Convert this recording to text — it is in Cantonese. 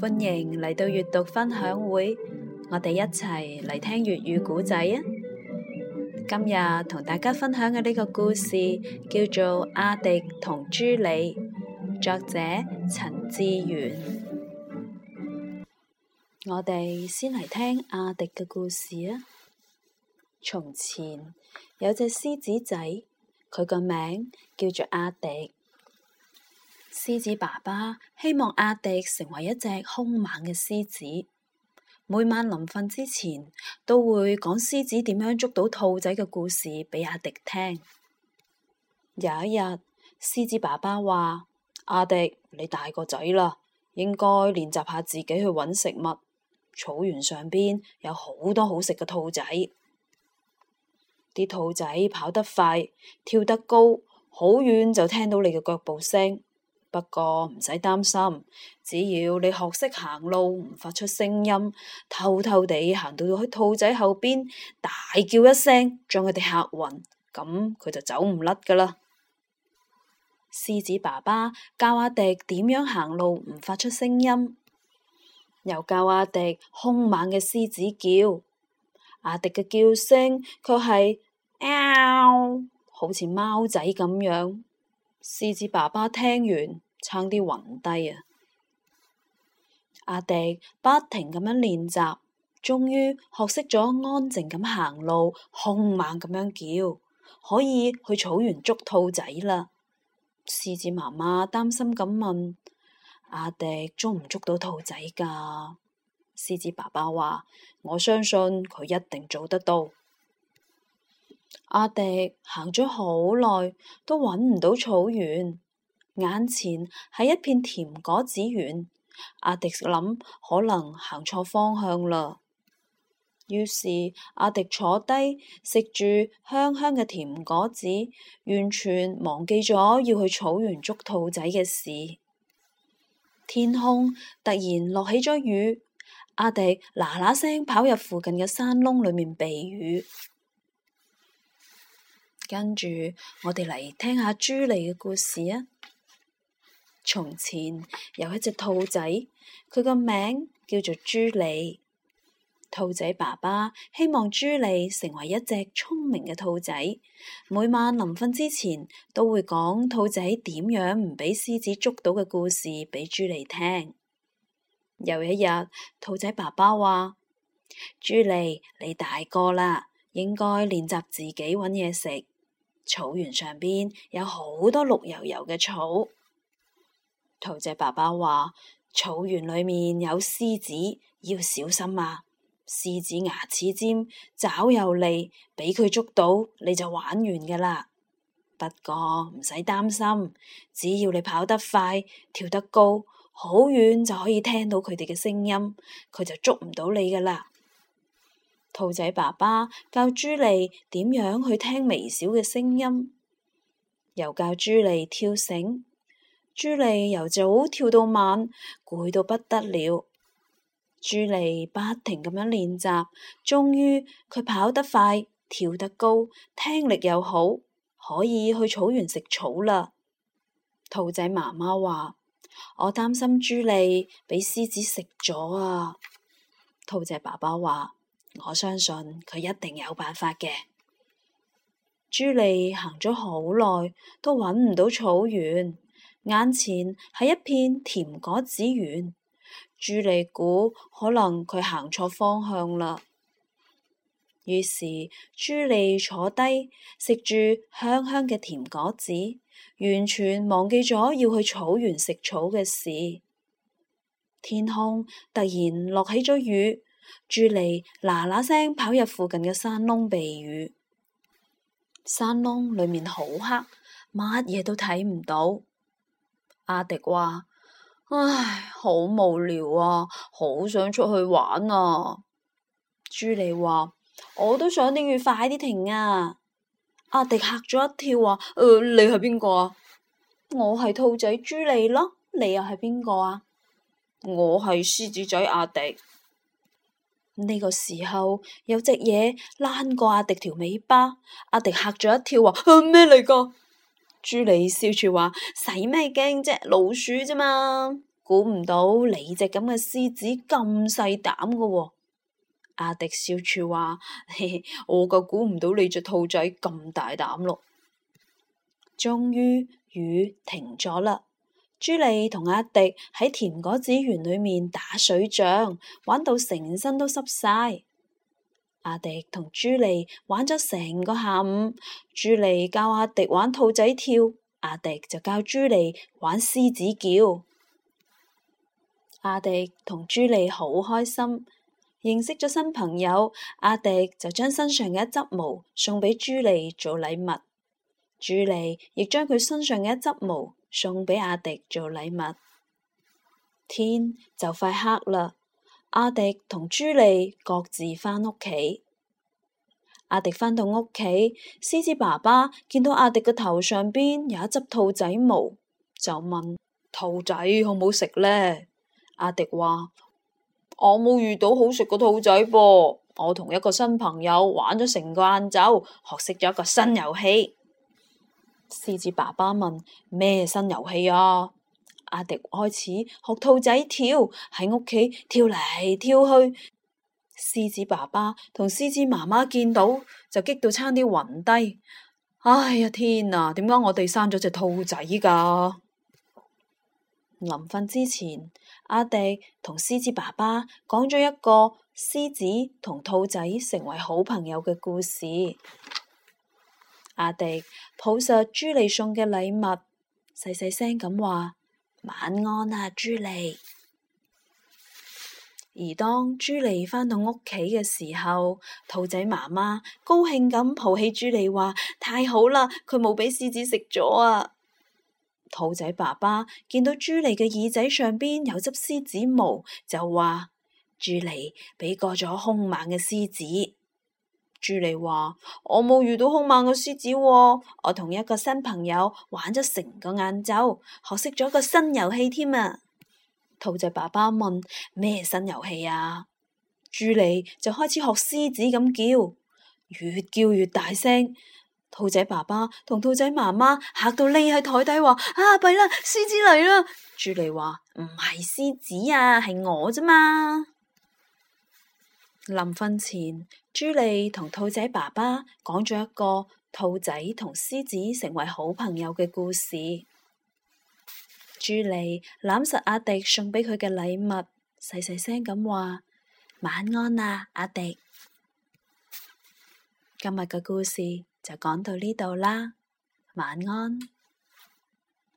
歡迎嚟到閱讀分享會，我哋一齊嚟聽粵語古仔啊！今日同大家分享嘅呢個故事叫做《阿迪同朱莉》，作者陳志遠。我哋先嚟聽阿迪嘅故事啊！從前有隻獅子仔，佢個名叫做阿迪。獅子爸爸希望阿迪成為一隻凶猛嘅獅子。每晚臨瞓之前，都會講獅子點樣捉到兔仔嘅故事俾阿迪聽。有一日，獅子爸爸話：阿迪，你大個仔啦，應該練習下自己去揾食物。草原上邊有好多好食嘅兔仔，啲兔仔跑得快，跳得高，好遠就聽到你嘅腳步聲。不過唔使擔心，只要你學識行路唔發出聲音，偷偷地行到去兔仔後邊，大叫一聲，將佢哋嚇暈，咁佢就走唔甩㗎啦。獅子爸爸教阿迪點樣行路唔發出聲音，又教阿迪凶猛嘅獅子叫。阿迪嘅叫聲卻係喵，好似貓仔咁樣。獅子爸爸聽完。撐啲暈低啊！阿迪不停咁樣練習，終於學識咗安靜咁行路，凶猛咁樣叫，可以去草原捉兔仔啦！獅子媽媽擔心咁問：阿迪捉唔捉到兔仔㗎？獅子爸爸話：我相信佢一定做得到。阿迪行咗好耐，都搵唔到草原，眼前係一片甜果子園，阿迪諗可能行錯方向啦。於是阿迪坐低食住香香嘅甜果子，完全忘記咗要去草原捉兔仔嘅事。天空突然落起咗雨，阿迪嗱嗱聲跑入附近嘅山窿裏面避雨。跟住我哋嚟聽下朱莉嘅故事啊！從前有一隻兔仔，佢個名叫做朱莉。兔仔爸爸希望朱莉成為一隻聰明嘅兔仔。每晚臨瞓之前，都會講兔仔點樣唔俾獅子捉到嘅故事俾朱莉聽。有一日，兔仔爸爸話：朱莉，你大個啦，應該練習自己揾嘢食。草原上邊有好多綠油油嘅草。兔仔爸爸話：草原裏面有獅子，要小心啊！獅子牙齒尖，爪又利，俾佢捉到你就玩完噶啦。不過唔使擔心，只要你跑得快，跳得高，好遠就可以聽到佢哋嘅聲音，佢就捉唔到你噶啦。兔仔爸爸教朱莉點樣去聽微小嘅聲音，又教朱莉跳繩。朱莉由早跳到晚，攰到不得了。朱莉不停咁樣練習，終於佢跑得快，跳得高，聽力又好，可以去草原食草啦。兔仔媽媽話：「我擔心朱莉俾獅子食咗啊。」兔仔爸爸話：「我相信佢一定有辦法嘅。」朱莉行咗好耐，都揾唔到草原。眼前係一片甜果子園，朱莉估可能佢行錯方向啦。於是，朱莉坐低，食住香香嘅甜果子，完全忘記咗要去草原食草嘅事。天空突然落起咗雨，朱莉嗱嗱聲跑入附近嘅山窿避雨。山窿裏面好黑，乜嘢都睇唔到。阿迪話：唉，好無聊啊，好想出去玩啊！朱莉話：我都想，寧願快啲停啊！阿迪吓咗一跳話、呃，你係邊個啊？我係兔仔朱莉咯，你又係邊個啊？我係獅子仔阿迪。呢個時候有隻嘢攣過阿迪條尾巴，阿迪吓咗一跳話：咩嚟噶？呃朱莉笑住話：使咩驚啫？老鼠啫嘛，估唔到你隻咁嘅獅子咁細膽噶。阿、啊、迪笑住話：嘿嘿，我就估唔到你隻兔仔咁大膽咯。終於雨停咗啦，朱莉同阿迪喺甜果子園裏面打水仗，玩到成身都濕晒。阿迪同朱莉玩咗成個下午，朱莉教阿迪玩兔仔跳，阿迪就教朱莉玩獅子叫。阿迪同朱莉好開心，認識咗新朋友。阿迪就將身上嘅一撮毛送俾朱莉做禮物，朱莉亦將佢身上嘅一撮毛送俾阿迪做禮物。天就快黑啦。阿迪同朱莉各自返屋企。阿迪返到屋企，獅子爸爸見到阿迪嘅頭上邊有一撮兔仔毛，就問：兔仔好唔好食呢？阿迪話：我冇遇到好食嘅兔仔噃。我同一個新朋友玩咗成個晏晝，學識咗一個新遊戲。獅子爸爸問：咩新遊戲啊？阿迪開始學兔仔跳，喺屋企跳嚟跳去。獅子爸爸同獅子媽媽見到就激到差啲暈低。哎呀天啊！點解我哋生咗隻兔仔㗎？臨瞓之前，阿迪同獅子爸爸講咗一個獅子同兔仔成為好朋友嘅故事。阿迪抱實朱莉送嘅禮物，細細聲咁話。晚安啊，朱莉。而當朱莉返到屋企嘅時候，兔仔媽媽高興咁抱起朱莉話：太好啦，佢冇俾獅子食咗啊！兔仔爸爸見到朱莉嘅耳仔上邊有執獅子毛，就話：朱莉俾過咗凶猛嘅獅子。朱莉話：我冇遇到凶猛嘅獅子。哦，我同一個新朋友玩咗成個晏晝，學識咗一個新遊戲添啊！兔仔爸爸問：咩新遊戲啊？朱莉就開始學獅子咁叫，越叫越大聲。兔仔爸爸同兔仔媽媽嚇到匿喺台底，話：啊，弊啦，獅子嚟啦！朱莉話：唔係獅子啊，係我啫嘛。臨瞓前，朱莉同兔仔爸爸講咗一個兔仔同獅子成為好朋友嘅故事。朱莉攬實阿迪送俾佢嘅禮物，細細聲咁話：晚安啦啊，阿迪。今日嘅故事就講到呢度啦，晚安。